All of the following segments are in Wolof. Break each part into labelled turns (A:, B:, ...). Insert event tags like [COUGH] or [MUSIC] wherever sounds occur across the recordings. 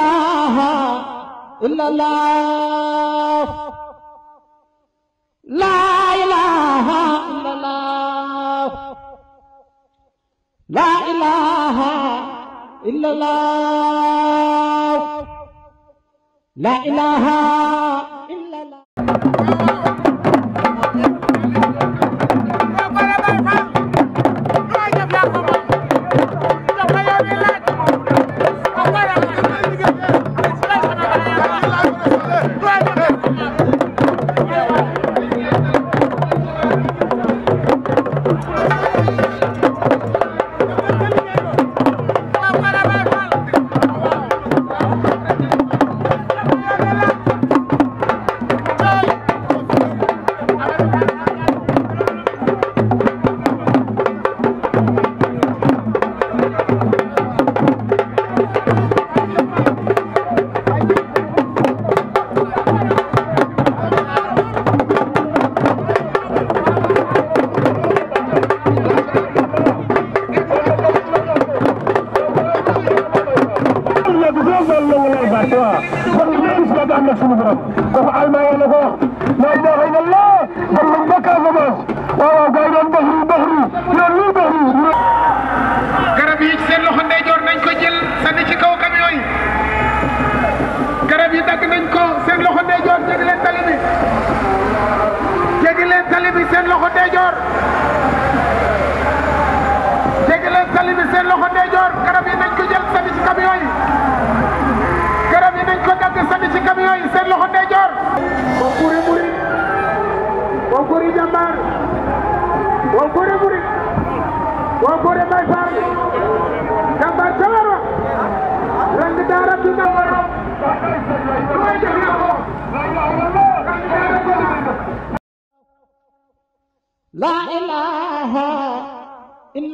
A: الله إلا الله لا إله إلا الله لا إله إلا الله لا إله إلا الله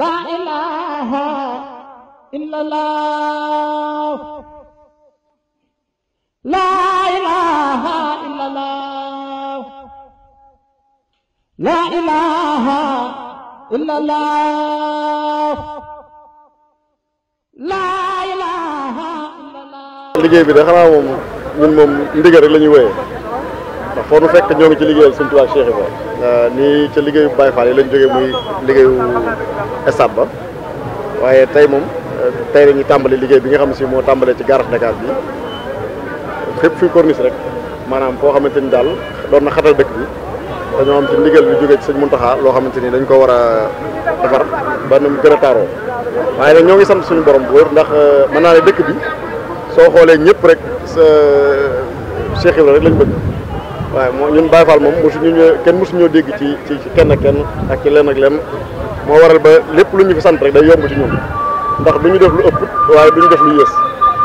A: la ilaha illallah la ilaha illallah la ilaha illallah la
B: ilaha illallah liggéey bi de xanaa moom ñun moom ndigal rek la ñuy wéyee ndax nu fekk ñoo ngi ci liggéeyal Sëñ Tuubaa Cheikh Ibrahima euh, nii ci liggéeyu Baye Fall yi lañ jógee muy liggéeyu estab ba waaye tey moom euh, tey lañuy tàmbali liggéey bi nga xam ne si moo tàmbalee ci gare Dakar bi fépp fi corniche rek maanaam foo xamante ni daal doon na xatal dëkk bi dañoo am ci ndigal bi jóge ci sëñ Muntaxa loo xamante ni dañ ko war a defar ba nu mu gën a taaroo waaye nag ñoo ngi sant suñu borom bu wër ndax euh, mën naa ne dëkk bi soo xoolee ñëpp rek sa Cheikh waaye moo ñun Baye Fall moom mosuñu ñëw kenn mosuñoo dégg ci ci kenn ak kenn ak ci leen ak leen moo waral ba lépp lu ñu fi sant rek day yomb ci ñun ndax du ñu def lu ëpp waaye du ñu def lu yées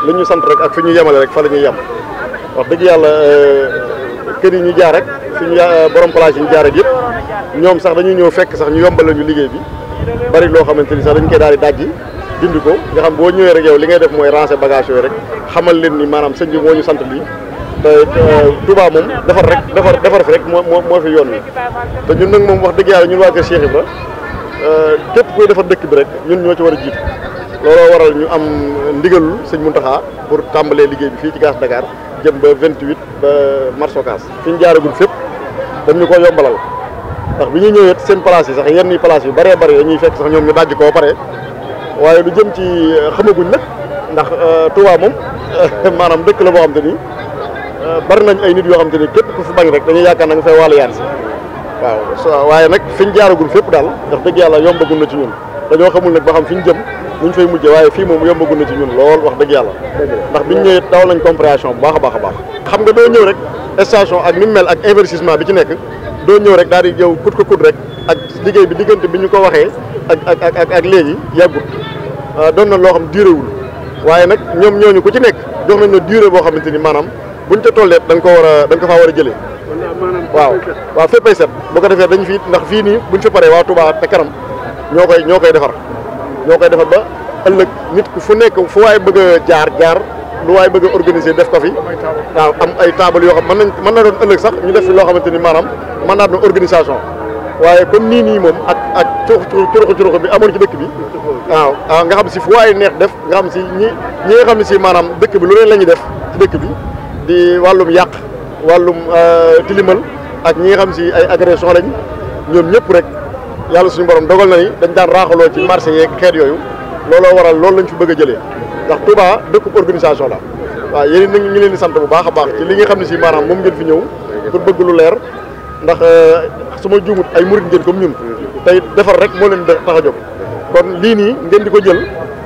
B: lu ñu sant rek ak fi ñu yemale rek fa la ñuy yem wax dëgg yàlla euh, kër yi ñu jaar rek suñu euh, borom place yi ñu jaar yëpp ñoom sax dañuy ñëw fekk sax ñu yombal ñu liggéey bi bari loo xamante ni sax dañ koy daal di dajji dindi ko nga xam boo ñëwee rek yow li ngay def mooy ranger bagage yooyu rek xamal leen ni maanaam sëñ bi moo ñu sant lii te Touba moom defar rek defar defar fi rek moo moo moo fi yoon wi te ñun nag moom wax dëgg yàlla ñun waa kër Cheikh Ibra euh, képp kuy defar dëkk bi rek ñun ñoo ci war a jiitu looloo waral ñu am ndigalul sëñ Mountakha pour tàmbalee liggéey bi fii ci gaz Dakar jëm ba 28 ba mars Ocass fi ñu jaaragul fépp dañ ñu ko yombalal ndax bi ñuy ñëwee seen place yi sax yenn place yu bëree bëri dañuy fekk sax ñoom ñu dajj koo pare waaye lu jëm ci xamaguñ nag ndax euh, Touba moom [LAUGHS] maanaam dëkk la boo xam te Euh, bari nañ ay nit yoo xam te ne képp ku fi bañ rek dañuy yaakaar na nga fay wàllu yaan si waaw so waaye nag fi ñu jaaragul fépp daal ndax dëgg yàlla yombagul na ci ñun dañoo xamul nag ba xam fi ñu jëm buñ fay mujjee waaye fii moom yombagul na ci ñun lool wax dëgg yàlla ndax biñ ñëwee daw nañ compréhension bu baax a baax a baax xam nga doo ñëw ak ni mu mel ak investissement bi ci nekk doo ñëw rek daal di yow kut ko kut rek ak liggéey bi diggante bi ñu ko waxee ak ak léegi yàggut euh, doon na loo xam duréwul waaye nag ñoom ñooñu ku ci nekk jox nañ na durée boo xamante ni maanaam buñ ca tollee dañ ko war a dañ ko faa war a jëlee waaw waaw féppay set bu ko defee dañ fii ndax fii nii buñ fi paree waa Touba te kanam ñoo koy ñoo koy defar ñoo koy defar ba ëllëg nit ku fu nekk fu waaye bëgg jaar jaar lu waaye bëgg a def ko fi waaw am ay table yoo xam man nañ mën na doon ëllëg sax ñu def fi loo xamante ni maanaam mën naa doon organisation waaye comme nii nii moom ak ak curuxu curuxu bi amoon ci dëkk bi waaw waaw ah, nga xam si fu waay neex def nga xam si ñi ñi nga xam ne si maanaam dëkk bi lu leen la ñuy def dëkk bi di wàllum yàq wàllum euh, tilimal ak ñi nga xam si ay agression lañ ñoom ñëpp rek yàlla suñu borom dogal na ni dañ daan raaxaloo ci marché yeeg xeet yooyu looloo waral loolu lañ fi bëgg a jëlee ndax Touba dëkkub organisation la waaw yéen nag ñu leen di sant bu baax a baax li nga xam ne si maanaam moom ngeen fi ñëw pour bëgg lu leer ndax euh, su ma juumut ay murit ngeen comme ñun tey defar rek moo leen tax a jóg kon lii nii ngeen di ko jël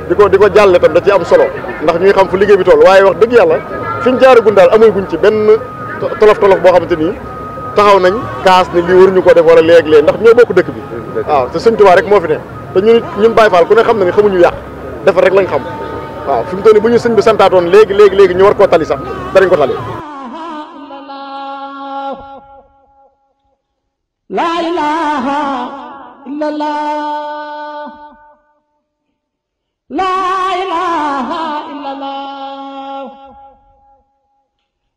B: di ko di ko jàlle tam da ci am solo ndax ñuy xam fu liggéey bi tool waaye wax dëgg yàlla fi ñu jaaragun daal amaguñ ci benn tolof tolof boo xamante ni taxaw nañ kaas ne lii waruñu ko def wala léeg-léeg ndax ñoo bokk dëkk bi waaw te sëñ Tuubaa rek moo fi ne te ñun Baay Faal ku ne xam na ne xamuñu yàq defar rek lañ xam waaw fi mu toll nii bu ñu sëñ bi santaatoon léegi léegi léegi ñu war koo tali sax ko tali
A: laa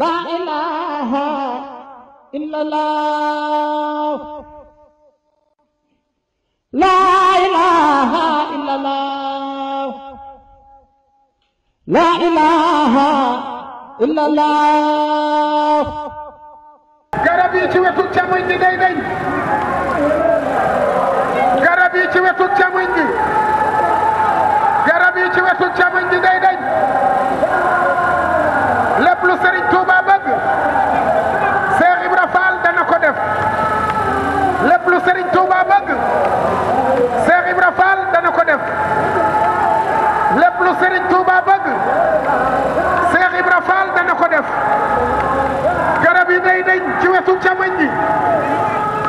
A: laa ilaaha illallah laa ilaaha illallah laa ilaaha
C: illallah garab yi ci wetu càmmoñ bi day dañ garab yi ci wetu càmmoñ bi Serigne Touba bëgg Cheikh Ibra Fall dana ko def garab yi day dañ ci wetu càmmoñ bi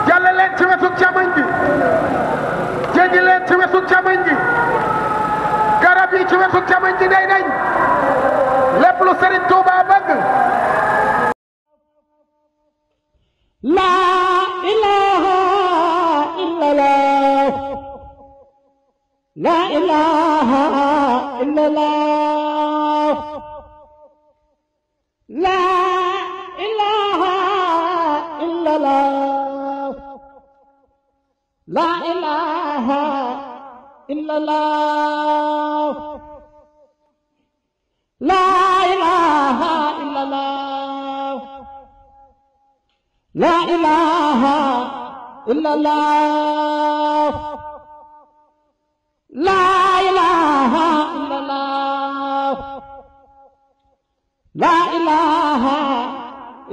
C: jàll leen ci wetu càmmoñ bi jéggi leen ci wetu càmmoñ bi garab yi ci wetu càmmoñ bi day dañ lépp lu Serigne Touba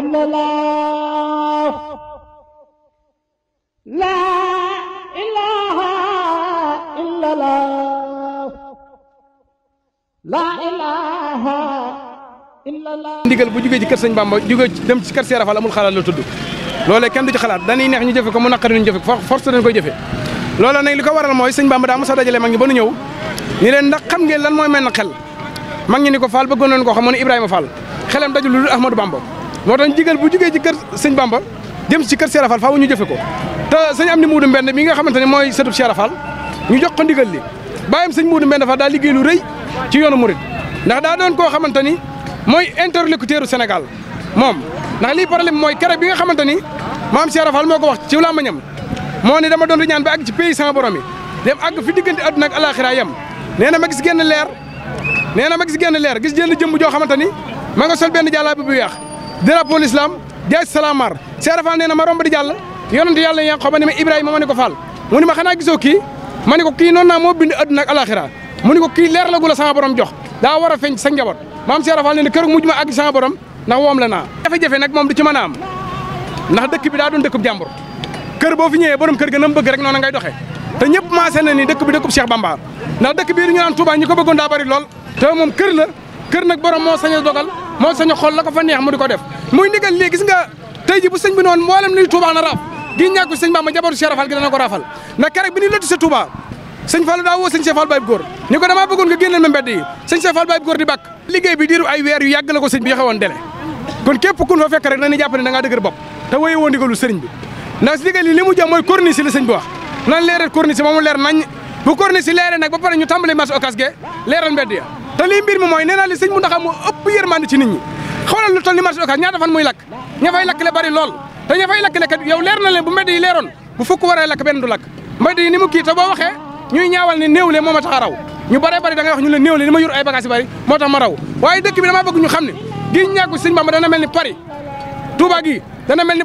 A: إلا الله لا إله إلا الله لا إله إلا الله
D: ndigal bu jógee ci kër Sëñ Bamba jógee dem ci kër Seera Fall amul xalaat la tudd loolee kenn du ci xalaat dañuy neex ñu jëfe ko mu naqari ñu jëfe ko force dañ koy jëfe loola nag li ko waral mooy Sëñ Bamba daa mos a dajale mag ñi ba nu ñëw ni leen ndax xam ngeen lan mooy menn xel mag ñi ni ko Fall bëggoon nañu ko xam mu ne Ibrahima Fall xelam dajul lu dul Ahmadou Bamba moo tax ndigal bu jugee ci kër sëñ Bamba jëm ci kër Cheikh Rafal faaw ñu jëfe ko te sëñ am ni muudu benn mi nga xamante ne mooy sëtub Cheikh Rafal ñu jox ko ndigal li bàyyam sëñ muudu mbenn fa daa liggéey lu rëy ci yoonu murid ndax daa doon koo xamante ni mooy interlocuteur u Sénégal moom ndax lii problème mooy kere bi nga xamante ni maam Cheikh Rafal moo ko wax ci làmmiñam moo ne dama doon di ñaan ba àgg ci pays sans borom yi dem àgg fi diggante àdduna ak alaxira yem nee na ma genn leer nee na ma gis genn leer gis jënd jëmb joo xamante ni ma nga benn jàllaabi bu weex drapeau l'islam jaay salamar Cheikh Fall nee na ma romb di jàll yonentu yàlla ya xaw ma ne ma Ibrahima ma ne ko Fall mu ne ma xanaa gisoo kii ma ne ko kii noonu naa moo bind adduna ak alaxira mu ne ko ki leer la gu la sama jox daa war a feeñ sa njaboot maam Cheikh Fall nee na kër mujj ma àgg sama borom ndax woom la na jafe-jafe nag moom du ci mën a am ndax dëkk bi daa doon dëkkub jàmbur kër boo fi ñëwee borom kër ga na bëgg rek noonu ngay doxee te ñëpp maasee na ni dëkk bi dëkkub Cheikh Bamba ndax dëkk bii du ñu naan Touba ñi ko bëggoon daa bari lool te moom kër la kër nag borom moo sañ a dogal moo sañu xol la ko fa neex mu di ko def muy ndigal lii gis nga tey ji bu sëñ bi noonu mboolem ni Touba na gi ñàkku sëñ Bamba jabaru Cheikh Rafal gi dana ko raafal ndax keroog bi ni lotti sa Touba sëñ Fallou daa woo sëñ Cheikh Fall Baye Góor ni ko damaa bëggoon nga génneel ma mbedd yi sëñ Cheikh Fall Baye Góor di bakk liggéey bi diiru ay weer yu yàgg la ko sëñ bi yoxe woon dele kon képp kun fa fekk rek nañu jàpp ne da ngaa dëgër bopp te woye woo ndigalu sëriñ bi ndax leeree nag ba pare ñu tàmbali marché Ocass ge te lii mbir mi mooy nee naa li sëñ Mountakha moo ëpp yërmande ci nit ñi xoolal toll ni marché Ocass ñaata fan muy lakk ña fay lakk le bari lool te le bu mbedd yi leeroon bu fukk waree lakk benn du lakk mbedd yi ni mu kii te boo waxee ñuy ñaawal ne néew le moo ma tax a raw ñu baree bari da ngay ñu le néew le li ma yur ay bagage yi moo tax ma raw waaye dëkk bi damaa bëgg ñu xam ne gi ñàkku sëñ Bamba dana mel ni Paris Touba gi dana mel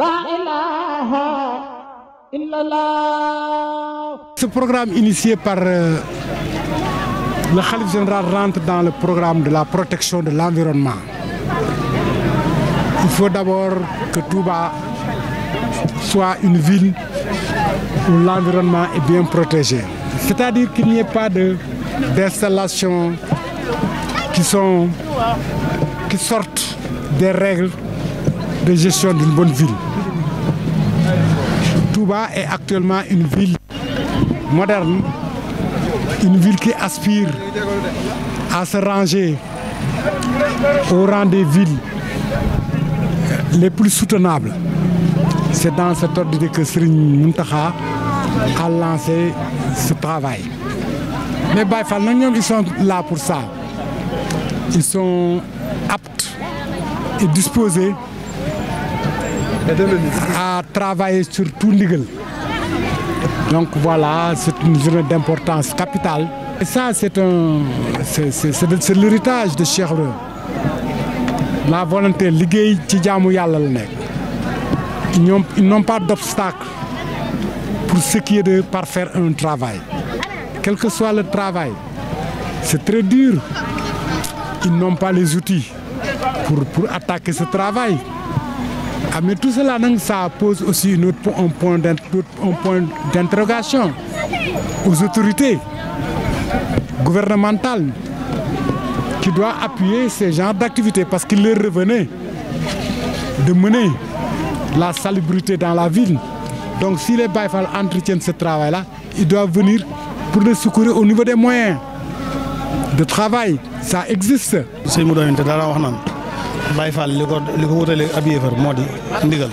B: la ilaha
E: Ce programme initié par euh, le Khalif général rentre dans le programme de la protection de l'environnement. Il faut d'abord que Touba soit une ville où l'environnement est bien protégé. C'est-à-dire qu'il n'y ait pas d'installations qui, qui sortent des règles de gestion d'une bonne ville. Touba est actuellement une ville moderne, une ville qui aspire à se ranger au rang des villes les plus soutenables. C'est dans cet ordre que Serigne Mountakha a lancé ce travail. Mais Baye Fall nag ñoom ils sont là pour ça. Ils sont aptes et disposés à travailler sur tout Donc voilà, c'est une journée d'importance capitale. Et ça, c'est l'héritage de Cheikh La volonté, l'igueille, Tidjamou Yalla Ils n'ont pas d'obstacle pour ce qui est de parfaire un travail. Quel que soit le travail, c'est très dur. Ils n'ont pas les outils pour attaquer ce travail. Ah, mais tout cela, donc, ça pose aussi une autre, un point d'interrogation aux autorités gouvernementales qui doivent appuyer ces genres d'activités parce qu'il leur revenait de mener la salubrité dans la ville. Donc si les Baïfal entretiennent ce travail-là, ils doivent venir pour le secourir au niveau des moyens de travail. Ça existe.
F: Baye Fall li ko li ko wutalee ab yéefar moo di ndigal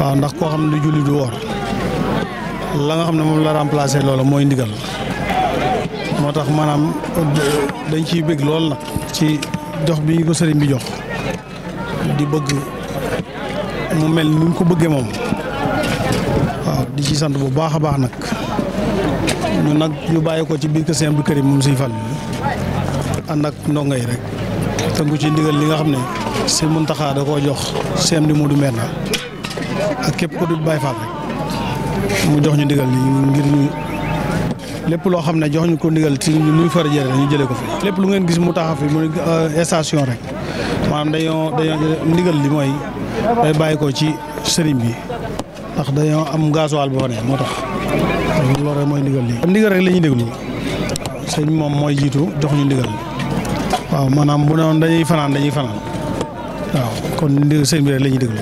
F: waaw ndax koo xam ne du julli du woor la nga xam ne moom la remplacer loola mooy ndigal moo tax maanaam dañ ciy bëgg lool nag ci jox bi ñu ko sëriñ bi jox di bëgg mu mel ni mu ko bëggee moom waaw di ci sant bu baax a baax nag ñu nag ñu bàyyi ko ci biir kër bu kër yi moom siy fal ànd ak ndongo yi rek tënku ci ndigal li nga xam ne sëñ Muntaxa da koo jox sëñ di Modou Mbène ak képp ko dul Baay Faal rek mu jox ñu ndigal li ngir ñu lépp loo xam ne jox ñu ko ndigal ci luy far jëre ñu jëlee ko lépp lu ngeen gis mu taxaw fi mu euh, station rek maanaam dañoo dañoo ndigal li bàyyi ko ci sëriñ bi ndax dañoo am gasoil boo ne moo tax loolu rek mooy ndigal li rek la ñuy déglu moom mooy jiitu jox ñu ndigal waaw maanaam bu dañuy fanaan dañuy fanaan waaw kon sëñ bi rek la ñuy déglu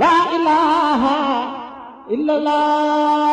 A: waaw ilaaha illallah